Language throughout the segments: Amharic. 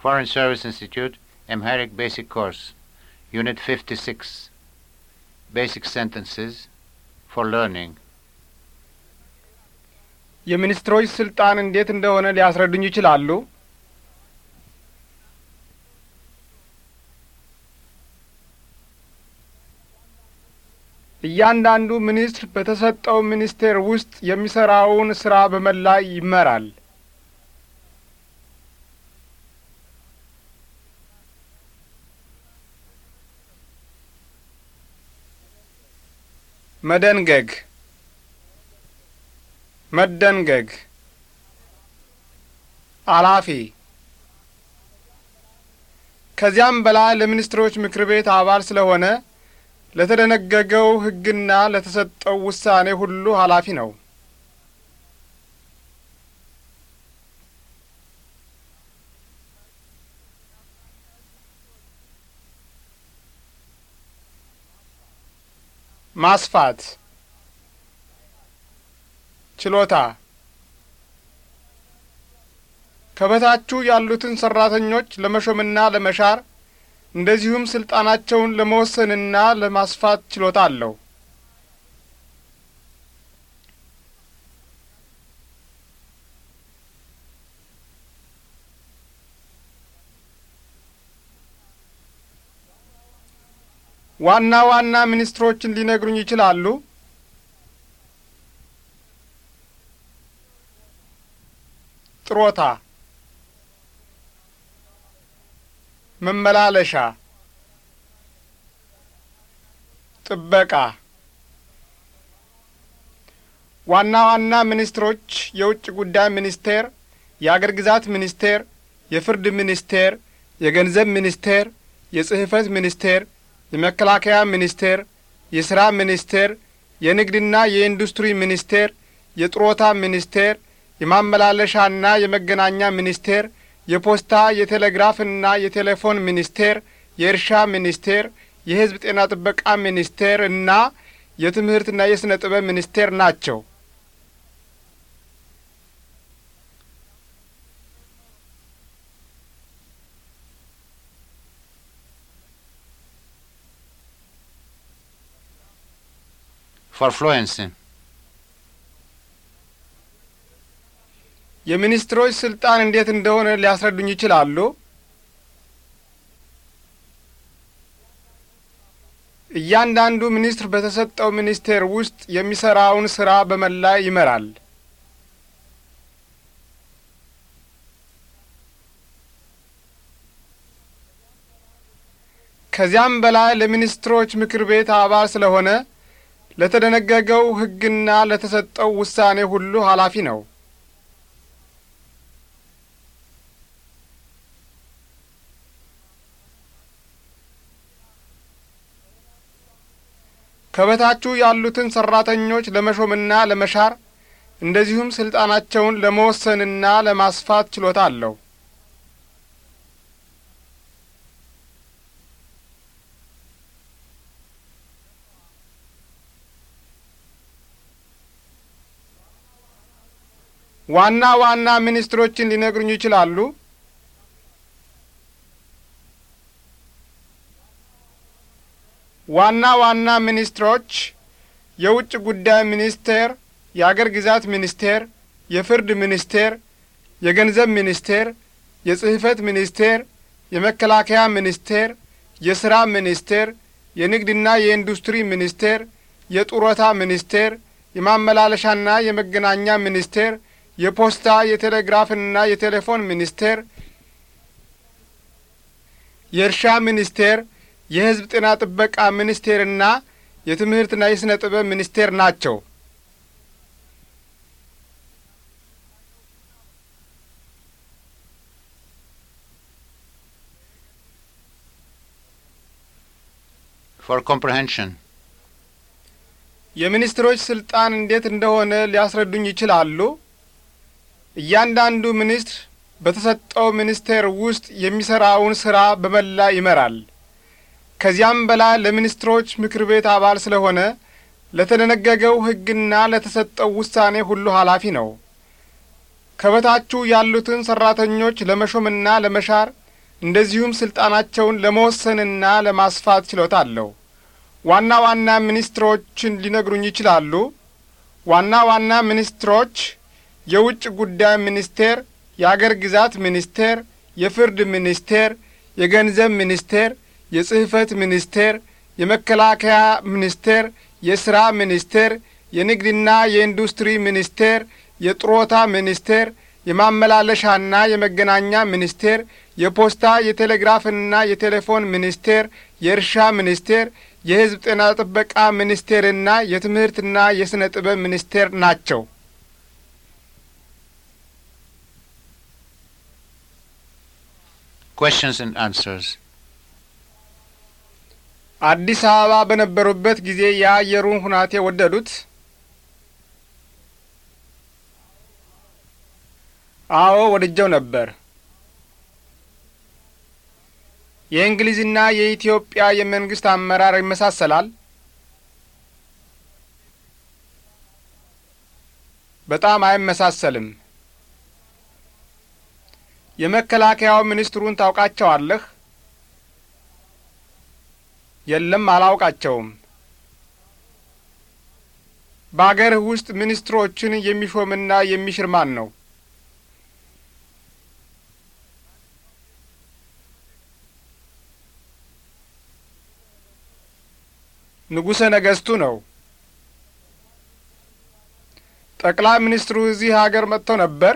Foreign Service Institute, Amharic Basic Course, Unit 56, Basic Sentences for Learning. የሚኒስትሮች ስልጣን እንዴት እንደሆነ ሊያስረዱኝ ይችላሉ? እያንዳንዱ ሚኒስትር በተሰጠው ሚኒስቴር ውስጥ የሚሰራውን ስራ በመላ ይመራል። መደንገግ መደንገግ አላፊ ከዚያም በላይ ለሚኒስትሮች ምክር ቤት አባል ስለሆነ ለተደነገገው ሕግና ለተሰጠው ውሳኔ ሁሉ ኃላፊ ነው። ማስፋት ችሎታ ከበታችሁ ያሉትን ሰራተኞች ለመሾምና ለመሻር እንደዚሁም ስልጣናቸውን ለመወሰንና ለማስፋት ችሎታ አለው። ዋና ዋና ሚኒስትሮችን ሊነግሩኝ ይችላሉ? ጥሮታ መመላለሻ ጥበቃ ዋና ዋና ሚኒስትሮች የውጭ ጉዳይ ሚኒስቴር፣ የአገር ግዛት ሚኒስቴር፣ የፍርድ ሚኒስቴር፣ የገንዘብ ሚኒስቴር፣ የጽህፈት ሚኒስቴር የመከላከያ ሚኒስቴር፣ የሥራ ሚኒስቴር፣ የንግድና የኢንዱስትሪ ሚኒስቴር፣ የጥሮታ ሚኒስቴር፣ የማመላለሻና የመገናኛ ሚኒስቴር፣ የፖስታ የቴሌግራፍና የቴሌፎን ሚኒስቴር፣ የእርሻ ሚኒስቴር፣ የሕዝብ ጤና ጥበቃ ሚኒስቴር እና የትምህርትና የሥነ ጥበብ ሚኒስቴር ናቸው። ፋርፍሎየንስ የሚኒስትሮች ስልጣን እንዴት እንደሆነ ሊያስረዱኝ ይችላሉ? እያንዳንዱ ሚኒስትር በተሰጠው ሚኒስቴር ውስጥ የሚሰራውን ስራ በመላ ይመራል። ከዚያም በላይ ለሚኒስትሮች ምክር ቤት አባል ስለሆነ ለተደነገገው ሕግና ለተሰጠው ውሳኔ ሁሉ ኃላፊ ነው። ከበታችሁ ያሉትን ሠራተኞች ለመሾምና ለመሻር እንደዚሁም ሥልጣናቸውን ለመወሰንና ለማስፋት ችሎታ አለው። ዋና ዋና ሚኒስትሮችን ሊነግሩኝ ይችላሉ? ዋና ዋና ሚኒስትሮች የውጭ ጉዳይ ሚኒስቴር፣ የአገር ግዛት ሚኒስቴር፣ የፍርድ ሚኒስቴር፣ የገንዘብ ሚኒስቴር፣ የጽህፈት ሚኒስቴር፣ የመከላከያ ሚኒስቴር፣ የሥራ ሚኒስቴር፣ የንግድና የኢንዱስትሪ ሚኒስቴር፣ የጡረታ ሚኒስቴር፣ የማመላለሻና የመገናኛ ሚኒስቴር የፖስታ የቴሌግራፍና የቴሌፎን ሚኒስቴር፣ የእርሻ ሚኒስቴር፣ የሕዝብ ጤና ጥበቃ ሚኒስቴርና የትምህርትና የሥነ ጥበብ ሚኒስቴር ናቸው። ፎር ኮምፕሬንሽን የሚኒስትሮች ስልጣን እንዴት እንደሆነ ሊያስረዱኝ ይችላሉ? እያንዳንዱ ሚኒስትር በተሰጠው ሚኒስቴር ውስጥ የሚሠራውን ሥራ በመላ ይመራል። ከዚያም በላይ ለሚኒስትሮች ምክር ቤት አባል ስለሆነ ለተደነገገው ሕግና ለተሰጠው ውሳኔ ሁሉ ኃላፊ ነው። ከበታችሁ ያሉትን ሠራተኞች ለመሾምና ለመሻር እንደዚሁም ሥልጣናቸውን ለመወሰንና ለማስፋት ችሎታ አለው። ዋና ዋና ሚኒስትሮችን ሊነግሩኝ ይችላሉ? ዋና ዋና ሚኒስትሮች የውጭ ጉዳይ ሚኒስቴር፣ የአገር ግዛት ሚኒስቴር፣ የፍርድ ሚኒስቴር፣ የገንዘብ ሚኒስቴር፣ የጽህፈት ሚኒስቴር፣ የመከላከያ ሚኒስቴር፣ የሥራ ሚኒስቴር፣ የንግድና የኢንዱስትሪ ሚኒስቴር፣ የጥሮታ ሚኒስቴር፣ የማመላለሻና የመገናኛ ሚኒስቴር፣ የፖስታ የቴሌግራፍና የቴሌፎን ሚኒስቴር፣ የእርሻ ሚኒስቴር፣ የሕዝብ ጤና ጥበቃ ሚኒስቴርና የትምህርትና የሥነ ጥበብ ሚኒስቴር ናቸው። questions and answers አዲስ አበባ በነበሩበት ጊዜ የአየሩን ሁናቴ ወደዱት? አዎ ወድጀው ነበር። የእንግሊዝና የኢትዮጵያ የመንግስት አመራር ይመሳሰላል? በጣም አይመሳሰልም። የመከላከያው ሚኒስትሩን ታውቃቸዋለህ? የለም፣ አላውቃቸውም። በአገርህ ውስጥ ሚኒስትሮችን የሚሾምና የሚሽር ማን ነው? ንጉሠ ነገሥቱ ነው። ጠቅላይ ሚኒስትሩ እዚህ አገር መጥቶ ነበር?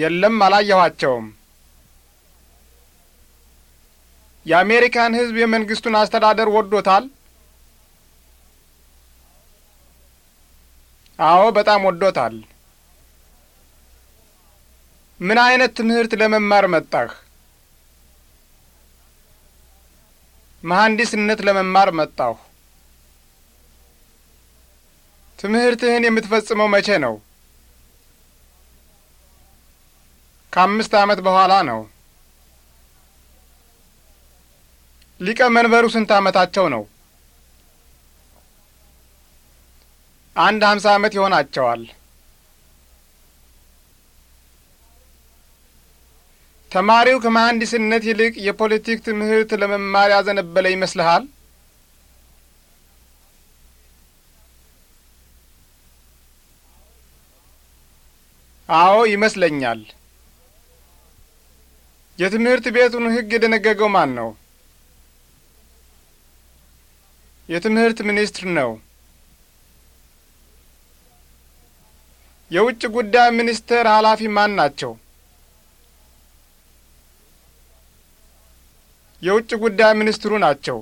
የለም፣ አላየኋቸውም። የአሜሪካን ሕዝብ የመንግስቱን አስተዳደር ወዶታል? አዎ፣ በጣም ወዶታል። ምን አይነት ትምህርት ለመማር መጣህ? መሐንዲስነት ለመማር መጣሁ። ትምህርትህን የምትፈጽመው መቼ ነው? ከአምስት ዓመት በኋላ ነው። ሊቀ መንበሩ ስንት ዓመታቸው ነው? አንድ ሀምሳ ዓመት ይሆናቸዋል። ተማሪው ከመሐንዲስነት ይልቅ የፖለቲክ ትምህርት ለመማር ያዘነበለ ይመስልሃል? አዎ ይመስለኛል። የትምህርት ቤቱን ሕግ የደነገገው ማን ነው? የትምህርት ሚኒስትር ነው። የውጭ ጉዳይ ሚኒስቴር ኃላፊ ማን ናቸው? የውጭ ጉዳይ ሚኒስትሩ ናቸው።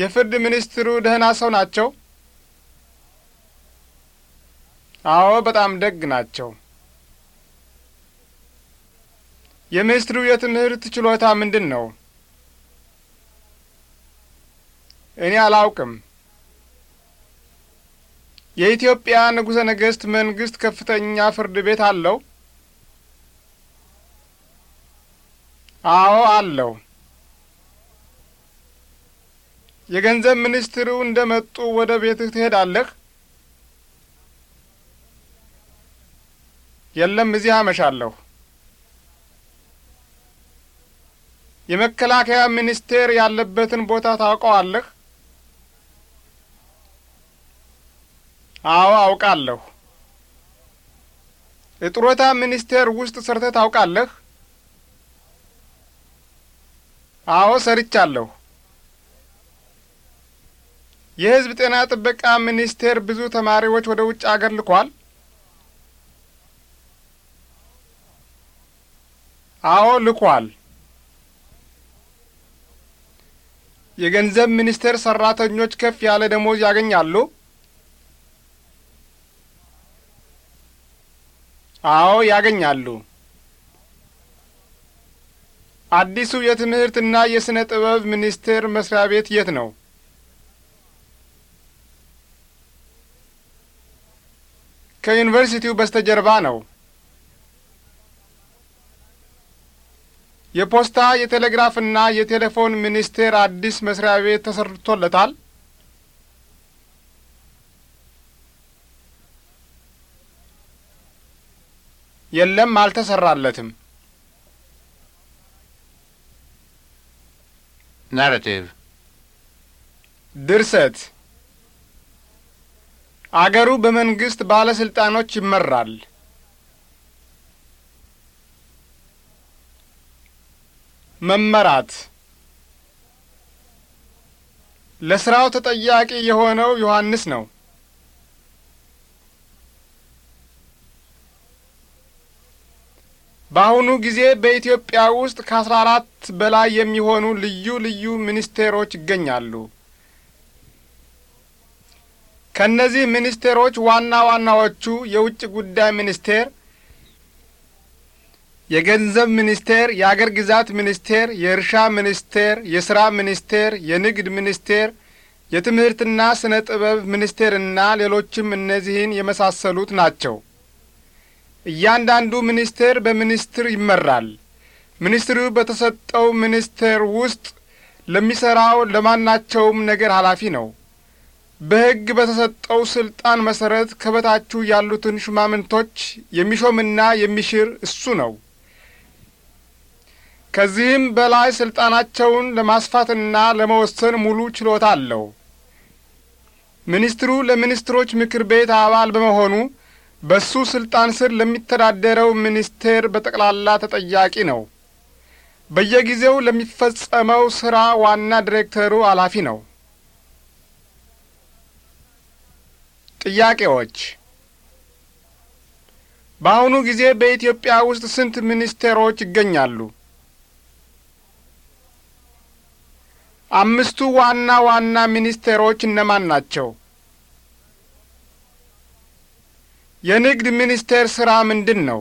የፍርድ ሚኒስትሩ ደህና ሰው ናቸው? አዎ፣ በጣም ደግ ናቸው። የሚኒስትሩ የትምህርት ችሎታ ምንድን ነው? እኔ አላውቅም። የኢትዮጵያ ንጉሠ ነገሥት መንግሥት ከፍተኛ ፍርድ ቤት አለው? አዎ አለው። የገንዘብ ሚኒስትሩ እንደ መጡ ወደ ቤትህ ትሄዳለህ? የለም፣ እዚህ አመሻለሁ። የመከላከያ ሚኒስቴር ያለበትን ቦታ ታውቀዋለህ? አዎ አውቃለሁ። የጡረታ ሚኒስቴር ውስጥ ሰርተህ ታውቃለህ? አዎ ሰርቻለሁ። የሕዝብ ጤና ጥበቃ ሚኒስቴር ብዙ ተማሪዎች ወደ ውጭ አገር ልኳል? አዎ ልኳል። የገንዘብ ሚኒስቴር ሰራተኞች ከፍ ያለ ደሞዝ ያገኛሉ? አዎ ያገኛሉ። አዲሱ የትምህርትና የሥነ ጥበብ ሚኒስቴር መስሪያ ቤት የት ነው? ከዩኒቨርሲቲው በስተጀርባ ነው። የፖስታ የቴሌግራፍና የቴሌፎን ሚኒስቴር አዲስ መስሪያ ቤት ተሰርቶለታል። የለም፣ አልተሰራለትም። ናራቲቭ ድርሰት አገሩ በመንግስት ባለስልጣኖች ይመራል። መመራት ለስራው ተጠያቂ የሆነው ዮሐንስ ነው። በአሁኑ ጊዜ በኢትዮጵያ ውስጥ ከአስራ አራት በላይ የሚሆኑ ልዩ ልዩ ሚኒስቴሮች ይገኛሉ። ከእነዚህ ሚኒስቴሮች ዋና ዋናዎቹ የውጭ ጉዳይ ሚኒስቴር የገንዘብ ሚኒስቴር፣ የአገር ግዛት ሚኒስቴር፣ የእርሻ ሚኒስቴር፣ የስራ ሚኒስቴር፣ የንግድ ሚኒስቴር፣ የትምህርትና ስነ ጥበብ ሚኒስቴርና ሌሎችም እነዚህን የመሳሰሉት ናቸው። እያንዳንዱ ሚኒስቴር በሚኒስትር ይመራል። ሚኒስትሩ በተሰጠው ሚኒስቴር ውስጥ ለሚሠራው ለማናቸውም ነገር ኃላፊ ነው። በሕግ በተሰጠው ሥልጣን መሠረት ከበታችሁ ያሉትን ሹማምንቶች የሚሾምና የሚሽር እሱ ነው። ከዚህም በላይ ስልጣናቸውን ለማስፋትና ለመወሰን ሙሉ ችሎታ አለው። ሚኒስትሩ ለሚኒስትሮች ምክር ቤት አባል በመሆኑ በሱ ስልጣን ስር ለሚተዳደረው ሚኒስቴር በጠቅላላ ተጠያቂ ነው። በየጊዜው ለሚፈጸመው ስራ ዋና ዲሬክተሩ ኃላፊ ነው። ጥያቄዎች። በአሁኑ ጊዜ በኢትዮጵያ ውስጥ ስንት ሚኒስቴሮች ይገኛሉ? አምስቱ ዋና ዋና ሚኒስቴሮች እነማን ናቸው? የንግድ ሚኒስቴር ሥራ ምንድን ነው?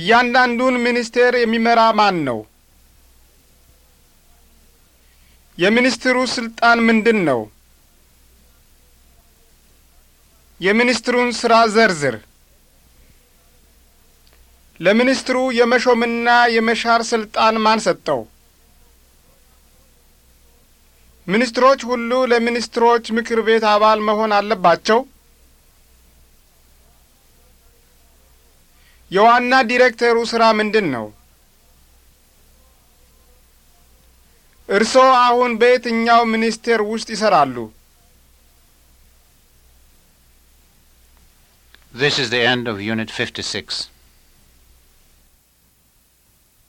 እያንዳንዱን ሚኒስቴር የሚመራ ማን ነው? የሚኒስትሩ ስልጣን ምንድን ነው? የሚኒስትሩን ሥራ ዘርዝር። ለሚኒስትሩ የመሾምና የመሻር ስልጣን ማን ሰጠው? ሚኒስትሮች ሁሉ ለሚኒስትሮች ምክር ቤት አባል መሆን አለባቸው? የዋና ዲሬክተሩ ሥራ ምንድን ነው? እርስዎ አሁን በየትኛው ሚኒስቴር ውስጥ ይሰራሉ? This is the end of Unit 56.